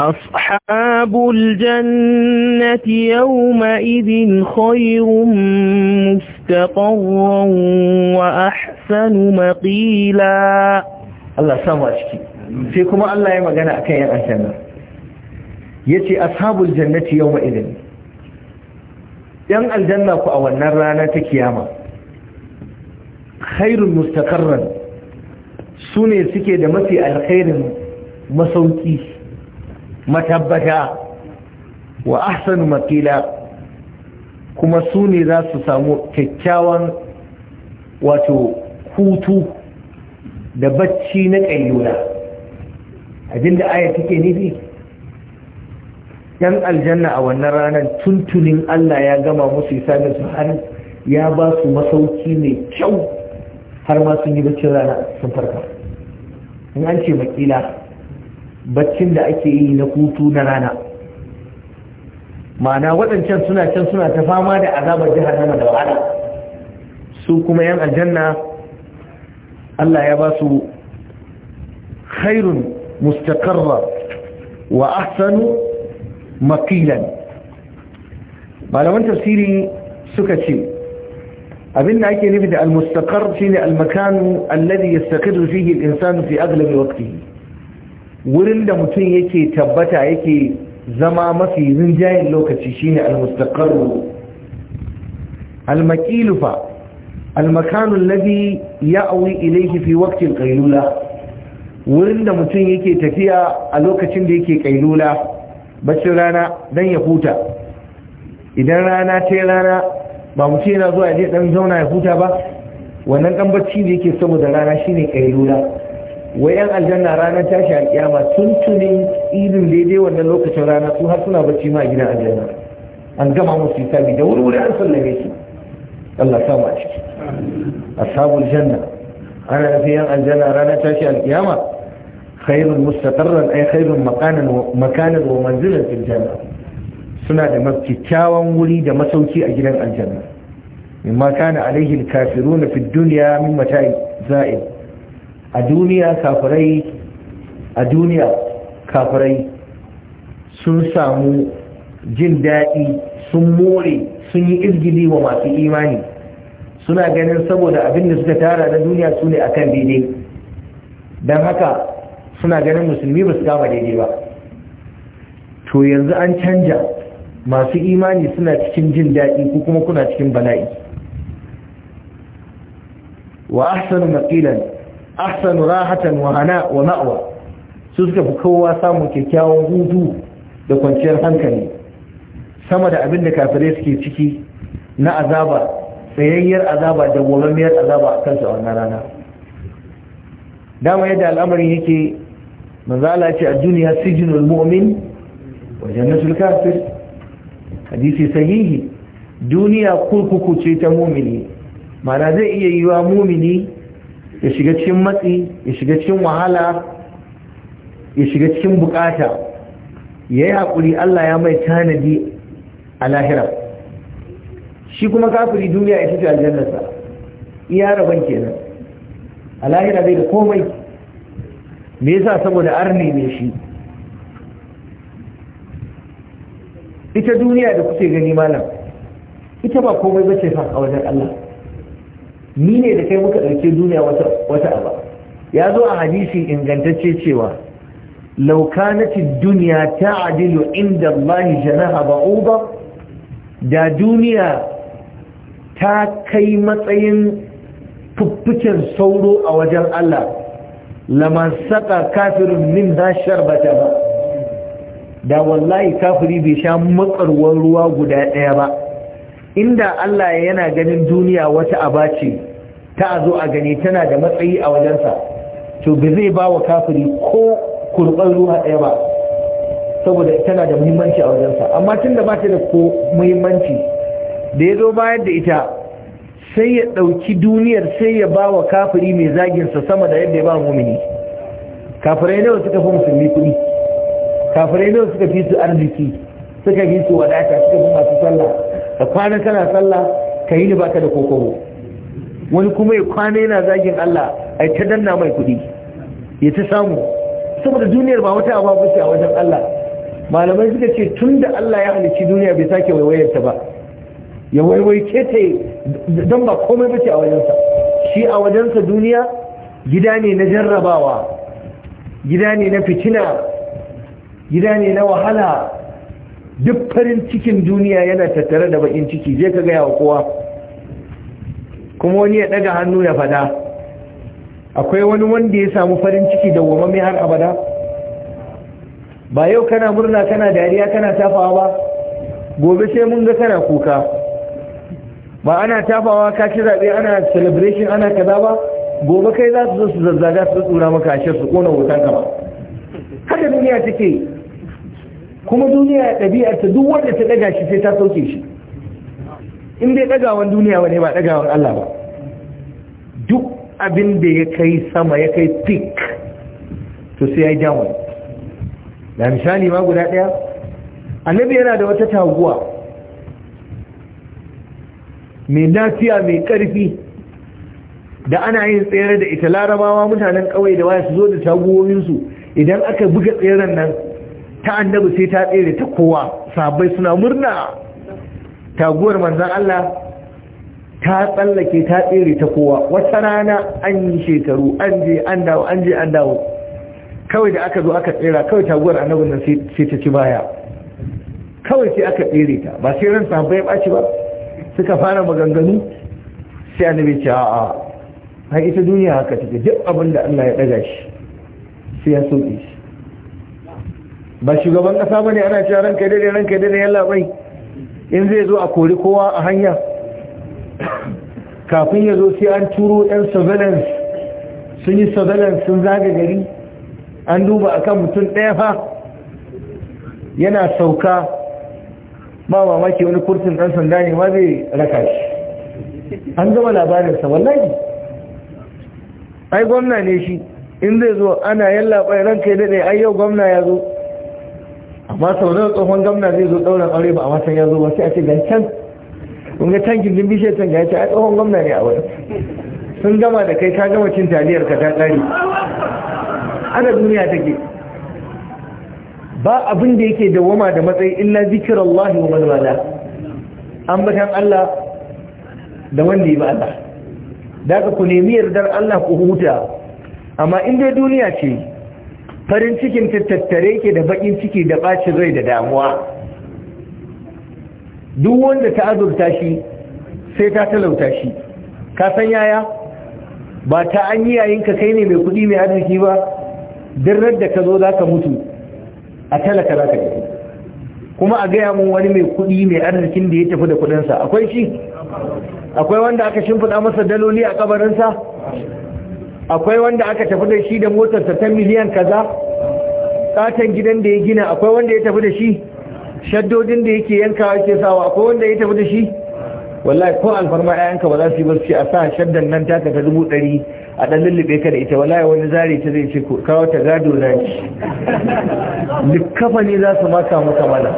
أصحاب الجنة يومئذ خير مستقرا وأحسن مقيلا الله سامو أشكي فيكم الله يما قنا أكي أحسن يتي أصحاب الجنة يومئذ ين الجنة فأولنا رانا تكياما خير مستقرا su ne suke da mafi alkhairin masauki matabbata wa ahsanu makila kuma su ne za su samu kyakkyawan wato hutu da bacci na ƙayyula abinda aya take nufi yan aljanna a wannan ranar tuntunin Allah ya gama musu isa da su har ya ba su masauki mai kyau har ma sun yi baccin rana sun farka in an ce makila baccin da ake yi na hutu na rana ma'ana waɗancan suna can suna ta fama da azabar nama da wahala su kuma yan aljanna Allah ya ba su khairun mustaqarra wa ahsanu makilan malaman tafsiri suka ce abin da ake nufi da almustaqar shine almakanu alladhi yastaqirru fihi al fi aghlabi waqtihi wurin da mutum yake tabbata yake zama mafi rinjayen lokaci shine almustaqar almakilu fa almakanu alladhi ya'wi ilayhi fi waqti al wurin da mutum yake tafiya a lokacin da yake kailula bacin rana dan ya huta idan rana ta rana ba mu ce yana zuwa ya je dan zauna ya huta ba wannan dan bacci da yake saboda rana shine kailula wai yan aljanna ranar tashi tun tuntunin irin daidai wannan lokacin rana su har suna bacci ma a gidan aljanna an gama musu hisabi da wuri wuri an sallame su Allah samu a ciki ashabul janna ana nufin yan aljanna ranar tashi alƙiyama, khairun mustaqarran ay khairun makanan wa manzilan fil jannah suna da kyakkyawan wuri da masauki a gidan aljanna mimma kana alaihi alkafiruna fi dunya min mata'i za'id a duniya kafirai a duniya kafirai sun samu jin daɗi sun more sun yi izgili wa masu imani suna ganin saboda abin da suka tara na duniya su ne akan daidai don haka suna ganin musulmi ba su gama daidai ba to yanzu an canja masu imani suna cikin jin daɗi ko kuma kuna cikin bala'i wa ahsanu maqilan ahsanu rahatan wa hana wa ma'wa su suka fi kowa samun kyakkyawan hutu da kwanciyar hankali sama da abin da kafirai suke ciki na azaba tsayayyar azaba da gwamnatiyar azaba a kansu a wannan rana dama yadda al'amarin yake manzala ce a duniya sijinul mu'min wajen jannatul kafir hadisi sahihi duniya kurkuku ce ta mumini mana zai iya yiwa mumini ya shiga cikin matsi ya shiga cikin wahala ya shiga cikin bukata ya yi haƙuri Allah ya mai tanadi a lahira shi kuma kafiri duniya ya fito aljannarsa iya rabon kenan a lahira zai da komai me yasa saboda arne ne shi ita duniya da kuke gani malam ita ba komai bace fa a wajen Allah ni ne da kai muka ɗauke duniya wata wata aba ya zo a hadisi ingantacce cewa law kanat ad-dunya ta'dilu inda Allah janaha ba'uba da duniya ta kai matsayin fuffukin sauro a wajen Allah lama saka kafirin min ha sharbata ba da wallahi kafiri bai sha matsarwar ruwa guda ɗaya ba inda Allah yana ganin duniya wata aba ce ta a zo a gani tana da matsayi a wajensa to ba zai ba wa kafiri ko kurɓar ruwa ɗaya ba saboda tana da muhimmanci a wajensa amma tun da ba da ko muhimmanci da ya zo bayar da ita sai ya ɗauki duniyar sai ya ba wa kafiri mai zaginsa sama da yadda ya ba mumini kafirai nawa suka fi musulmi kuɗi kafirai nawa suka fi su arziki suka fi su wadata suka fi masu sallah ka kwana kana sallah ka yi ni baka da kokoro wani kuma ya kwana yana zagin Allah a ta danna mai kuɗi ya ta samu saboda duniyar ba wata abu ce a wajen Allah malamai suka ce tun da Allah ya halicci duniya bai sake waiwayar ta ba ya waiwaice ta don ba komai ce a wajensa shi a wajensa duniya gida ne na jarrabawa gida ne na fitina gida ne na wahala duk farin cikin duniya yana tattare da bakin ciki je ka gaya wa kowa kuma wani ya daga hannu ya fada akwai wani wanda ya samu farin ciki da wamame har abada ba yau kana murna kana dariya kana tafawa ba gobe sai mun ga kana kuka ba ana tafawa ka ci zaɓe ana celebration ana kaza ba gobe kai za su zo su zazzaga su tsura maka ashe su kona wutan ka ba haka duniya take kuma duniya ɗabi'ar ta duk wanda ta ɗaga shi sai ta sauke shi in dai ɗagawan duniya ba ne ba ɗagawan Allah ba duk abin da ya kai sama ya kai tik to sai ya yi jamu da misali ma guda ɗaya annabi yana da wata taguwa mai lafiya mai ƙarfi da ana yin tsere da ita larabawa mutanen ƙauye da waya su zo da taguwominsu idan aka buga tseren nan ta annabi sai ta tsere ta kowa sabai suna murna taguwar manzan Allah ta tsallake ta tsere ta kowa wata rana an yi shekaru an je an dawo an je an dawo kawai da aka zo aka tsera kawai taguwar annabin nan sai ta ci baya kawai sai aka tsere ta ba sai ran sabai ya ɓaci ba suka fara maganganu sai annabi ce a'a har ita duniya haka take duk abin da Allah ya ɗaga shi sai ya soke shi ba shugaban kasa ba ne ana cewa ranka daidai ranka daidai yalla bai in zai zo a kori kowa a hanya kafin ya zo sai an turo yan surveillance sun yi surveillance sun zaga gari an duba akan mutum ɗaya fa yana sauka ba mamaki wani kurtin ɗan sanda ne ma zai raka shi an gama labarinsa wallahi ai gwamna ne shi in zai zo ana yalla bai ranka daidai ai yau gwamna ya zo amma sau da tsohon gamna zai zo daura aure ba a matan ya zo ba sai a ce gan can kun ga can gindin bishiyar can ga ce a tsohon gamna ne a wurin sun gama da kai ka gama cin taliyar ka ta tsari ana duniya take ba abin da yake wama da matsayi illa zikirallahi wa malwala ambatan Allah da wanda yi ba Allah da ku nemi yardar Allah ku huta amma in dai duniya ce farin cikin tattare ke da bakin ciki da ɓacin rai da damuwa duk wanda ta azurta shi sai ta talauta shi ka san yaya ba ta an yi yayin ka kai ne mai kuɗi mai arziki ba dirrar da ka zo za ka mutu a talaka za ka tafi kuma a gaya mun wani mai kuɗi mai arzikin da ya tafi da kuɗinsa akwai shi akwai wanda aka shimfiɗa masa daloli a kabarinsa akwai wanda aka tafi da shi da motarsa ta miliyan kaza katon gidan da ya gina akwai wanda ya tafi da shi shaddodin da yake yankawa ke sawa akwai wanda ya tafi da shi wallahi ko alfarma yayanka ba za su yi barci a sa shaddan nan taka ta dubu ɗari a ɗan lullube ka da ita wallahi wani zari ta zai ce kawo ta gado na ci duk <laughs> ne za su maka maka mana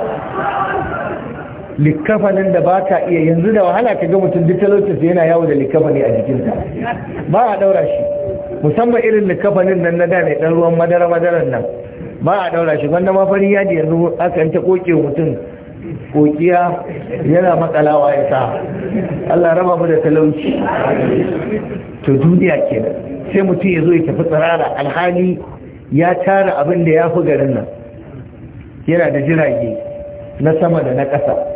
likafanin da ba ka iya yanzu da wahala ka ga mutum duk talaucinsa yana yawo da likafani a jikinsa ba a daura shi musamman irin likafanin nan na da mai dan ruwan madara madaran nan ba a daura shi wanda ma farin yadi yanzu aka ta koke mutum kokiya yana matsalawa ya sa Allah raba mu da talauci to duniya kenan sai mutum ya zo ya tafi tsirara alhali ya tara abin da ya fi garin nan yana da jirage na sama da na ƙasa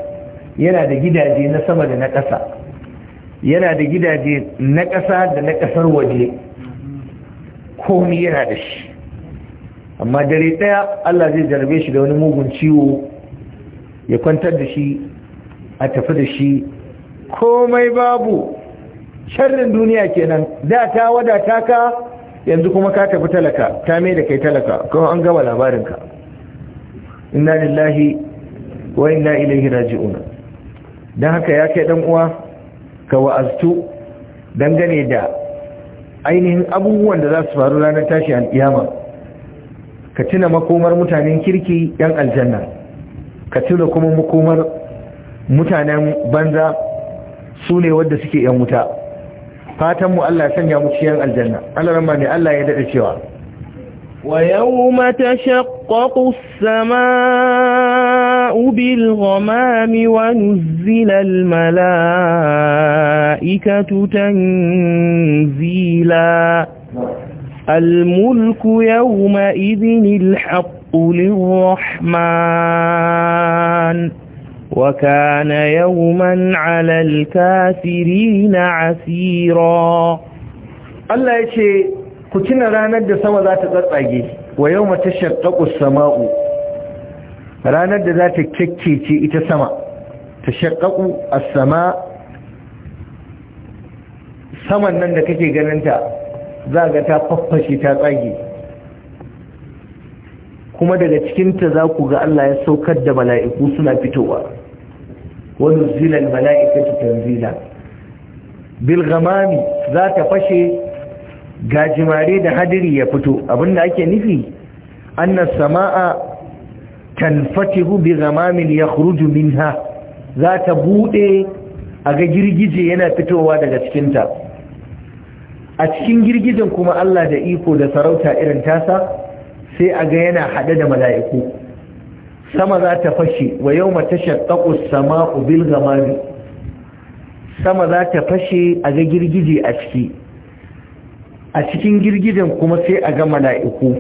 yana da gidaje na sama da na ƙasa yana da gidaje na ƙasa da na ƙasar waje komi yana da shi amma dare ɗaya Allah zai jarabe shi da wani mugun ciwo ya kwantar da shi a tafi da shi komai babu sharrin duniya kenan da ta wadata ka yanzu kuma ka tafi talaka ta mai da kai talaka ko an gaba labarinka inna lillahi wa inna ilaihi raji'un don haka ya kai dan uwa ka wa'aztu dangane da ainihin abubuwan da za su faru ranar tashi al'iyama. ka tuna makomar mutanen kirki yan aljanna ka tuna kuma makomar mutanen banza su ne wadda suke yan wuta fatanmu Allah sanya mu 'yan aljanna Allah ramani Allah ya dade cewa ويوم تشقق السماء بالغمام ونزل الملائكة تنزيلا الملك يومئذ الحق للرحمن وكان يوما على الكافرين عسيرا الله يشيء ku tuna ranar da sama za ta tsatsage wa yau mata shaƙaƙus sama'u ranar da za ta kyakkece ita sama ta shaƙaƙu a sama saman nan da kake ganinta za ga ta faffashe ta tsage kuma daga cikinta za ku ga Allah ya saukar da mala'iku suna fitowa wani zilan mala'ikatu tanzila bilgamami za ta fashe gajimare da hadiri ya fito abinda ake nufi anna sama'a tanfatihu bi ghamamin yakhruju minha za ta bude a ga girgije yana fitowa daga cikinta a cikin girgijen kuma Allah da iko da sarauta irin tasa sai a ga yana hade da mala'iku sama za ta fashe wa yawma tashaqqaqu as-sama'u bil ghamami sama za ta fashe a ga girgije a ciki a cikin girgijen kuma sai a ga mala'iku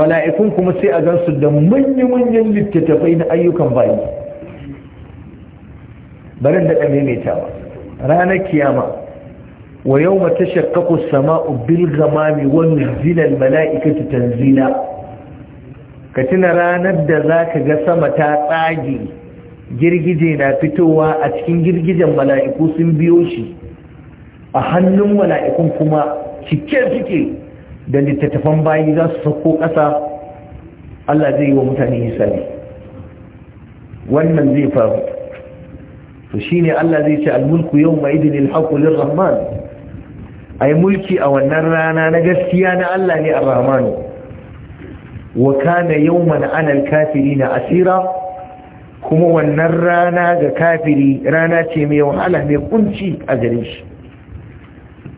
mala'ikun kuma sai a gansu da manya-manyan littattafai na ayyukan bayi barin da ɗame mai tawa ranar kiyama wa yau mata shakkaku ubin bil mai wani zinan mala'ikatu tanzila ka tuna ranar da za ka ga sama ta tsage girgije na fitowa a cikin girgijen mala'iku sun biyo shi a hannun mala'ikun kuma cike suke da littattafan bayi za su sauko ƙasa Allah zai yi wa mutane hisabi wannan zai faru to shine Allah zai ce almulku yau mai idin al rahman ai mulki a wannan rana na gaskiya na Allah ne a rahman wa kana mana anan kafiri na asira kuma wannan rana ga kafiri rana ce mai wahala mai kunci a gare shi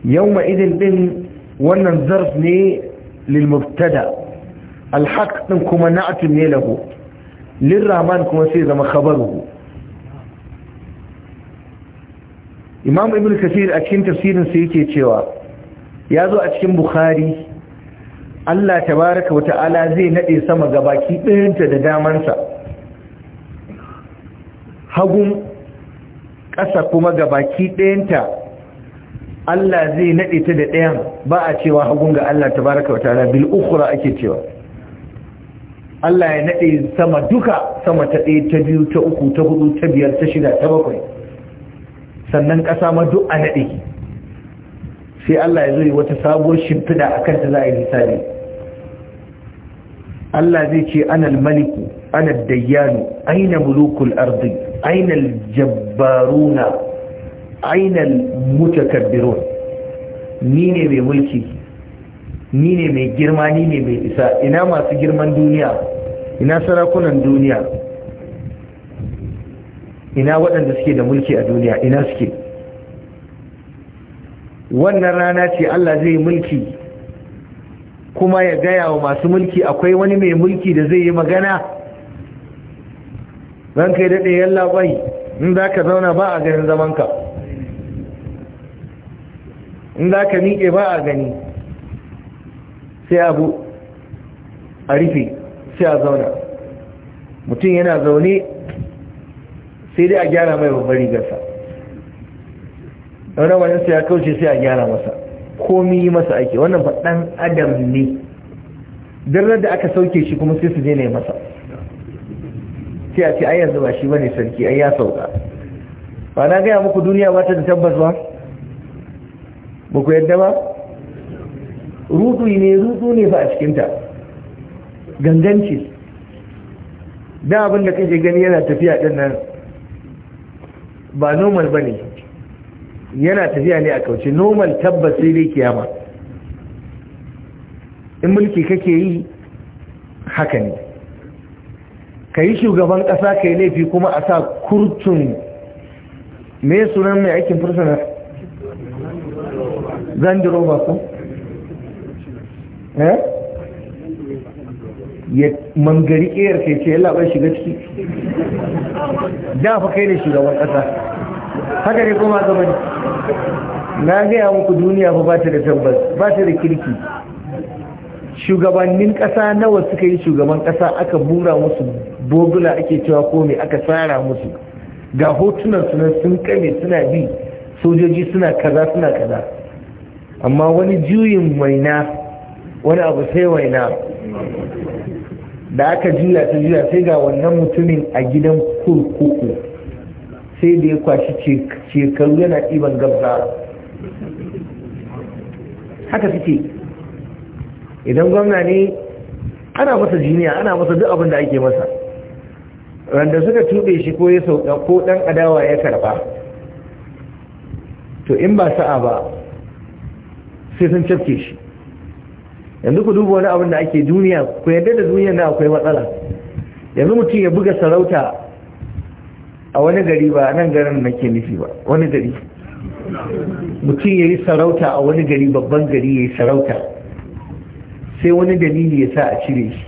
yawma idin ɗin wannan zarf ne lil mubtada al din kuma na'atun ne lahu lil rahman kuma sai zama khabaruhu imam ibn kasir a cikin tafsirin sa yake cewa ya zo a cikin bukhari Allah tabaraka wa ta'ala zai nade sama gabaki ɗayanta da damansa hagun ƙasa kuma gabaki ɗayanta Allah zai naɗe ta da ɗayan ba a cewa hagun ga Allah ta baraka wa ta'ala bil ukhra ake cewa Allah ya naɗe sama duka sama ta ɗaya ta biyu ta uku ta hudu ta biyar ta shida ta bakwai sannan ƙasa ma duk a naɗe sai Allah ya zai wata sabuwar shimfida a kanta za a yi misali Allah zai ce anal maliku anal dayyanu aina mulukul ardi aina jabbaruna ainal mutakabbirun ni ne mai mulki ni ne mai girma ni ne mai isa ina masu girman duniya ina sarakunan duniya ina waɗanda suke da mulki a duniya ina suke wannan rana ce Allah zai mulki kuma ya gaya wa masu mulki akwai wani mai mulki da zai yi magana ranka ya daɗe yalla bai in za ka zauna ba a ganin zamanka in za ka miƙe ba a gani sai abu a rufe sai a zauna mutum yana zaune sai dai a gyara mai babbar rigarsa ɗan wani sai ya kauce sai a gyara masa komi yi masa aiki wannan faɗan adam ne don da aka sauke shi kuma sai su je ne masa sai a ce ai yanzu ba shi bane sarki ayya ya sauka ba na gaya muku duniya ba ta da tabbas ba ba yadda ba rudu ne rudu ne fa a cikinta ganganci da abin da kake gani yana tafiya din nan ba normal ba ne yana tafiya ne a kauce normal tabbas sai dai kiyama in mulki kake yi haka ne ka yi shugaban kasa ka yi laifi kuma a sa kurtun me sunan mai aikin fursunar Range Rover ko eh ya gari ƙiyar kai ce yalla bai shiga ciki da fa kai ne shugaban ƙasa haka ne kuma zama ne na gaya muku duniya fa ba ta da tabbas ba ta da kirki shugabannin ƙasa nawa suka yi shugaban ƙasa aka bura musu bogula ake cewa ko me aka tsara musu ga hotunan su sun kame suna bi sojoji suna kaza suna kaza amma wani juyin waina wani abu sai waina da aka juya ta juya sai ga wannan mutumin a gidan kurkuku sai da ya kwashi shekaru yana ɗiban gabza haka suke idan gwamna ne ana masa jiniya ana masa duk abin da ake masa randa suka tuɓe shi ko ya sauka ko ɗan adawa ya karɓa to in ba sa'a ba sai sun cafke shi yanzu ku duba wani abin da ake duniya ku yadda da duniya na akwai matsala yanzu mutum ya buga sarauta a wani gari ba nan garin na ke nufi ba wani gari mutum ya yi sarauta a wani gari babban gari ya yi sarauta sai wani dalili ya sa a cire shi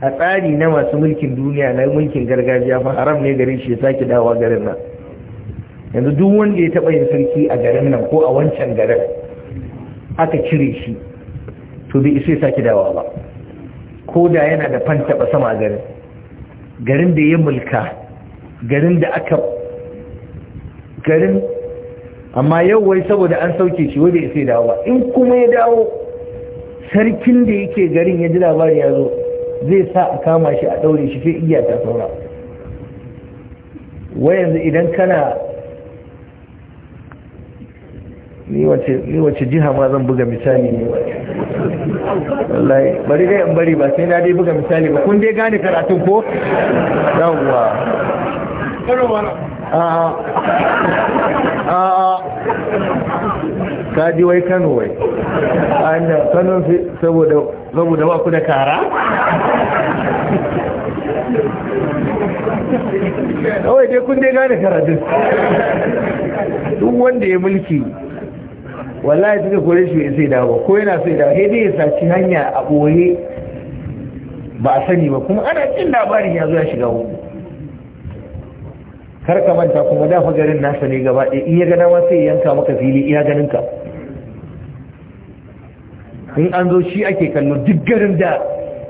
a tsari na masu mulkin duniya na mulkin gargajiya fa haram ne garin shi ya sake dawa garin nan yanzu duk wanda ya taɓa yin sarki a garin nan ko a wancan garin aka cire shi to bai isai ya sake dawa ba ko da yana da fantaba sama garin garin da ya mulka garin da aka garin amma yau wai saboda an sauke shi wai bai isai ya dawo ba in kuma ya dawo sarkin da yake garin ya ji labari ya zo zai sa a kama shi a ɗaure shi sai iya ta saura wayanzu idan kana ni wace jiha ma zan buga misali ne wallahi bari dai in bari ba sai na dai buga misali ba kun dai gane karatun ko yawwa ka wai kano wai an kano fi saboda ba ku da kara kawai dai kun dai gane karatun duk wanda ya mulki wallahi suka kore shi sai dawo ko yana sai dawo sai dai ya saci hanya a ɓoye ba a sani ba kuma ana jin labarin ya zo ya shiga hudu kar ka manta kuma dafa garin nasa ne gaba ɗaya in ya gana ma sai yanka maka fili iya ganin ka in an zo shi ake kallo duk garin da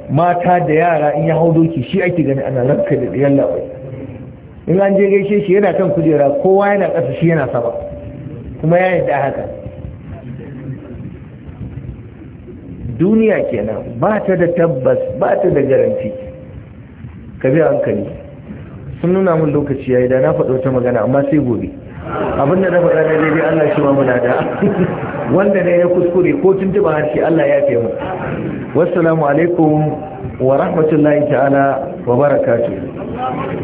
mata da yara in ya hau doki shi ake gani ana ranka da ɗayan labai in an je gaishe shi yana kan kujera kowa yana ƙasa shi yana sama kuma ya yadda haka duniya kenan ba ta da tabbas ba ta da garanti ka bi hankali sun nuna mun lokaci yayi da na faɗo ta magana amma sai gobe abin da na faɗa na daidai Allah shi ma muna da <laughs> wanda ne ya kuskure ko tuntuba harshe Allah ya fi mu wassalamu alaikum wa rahmatullahi ta'ala wa barakatuh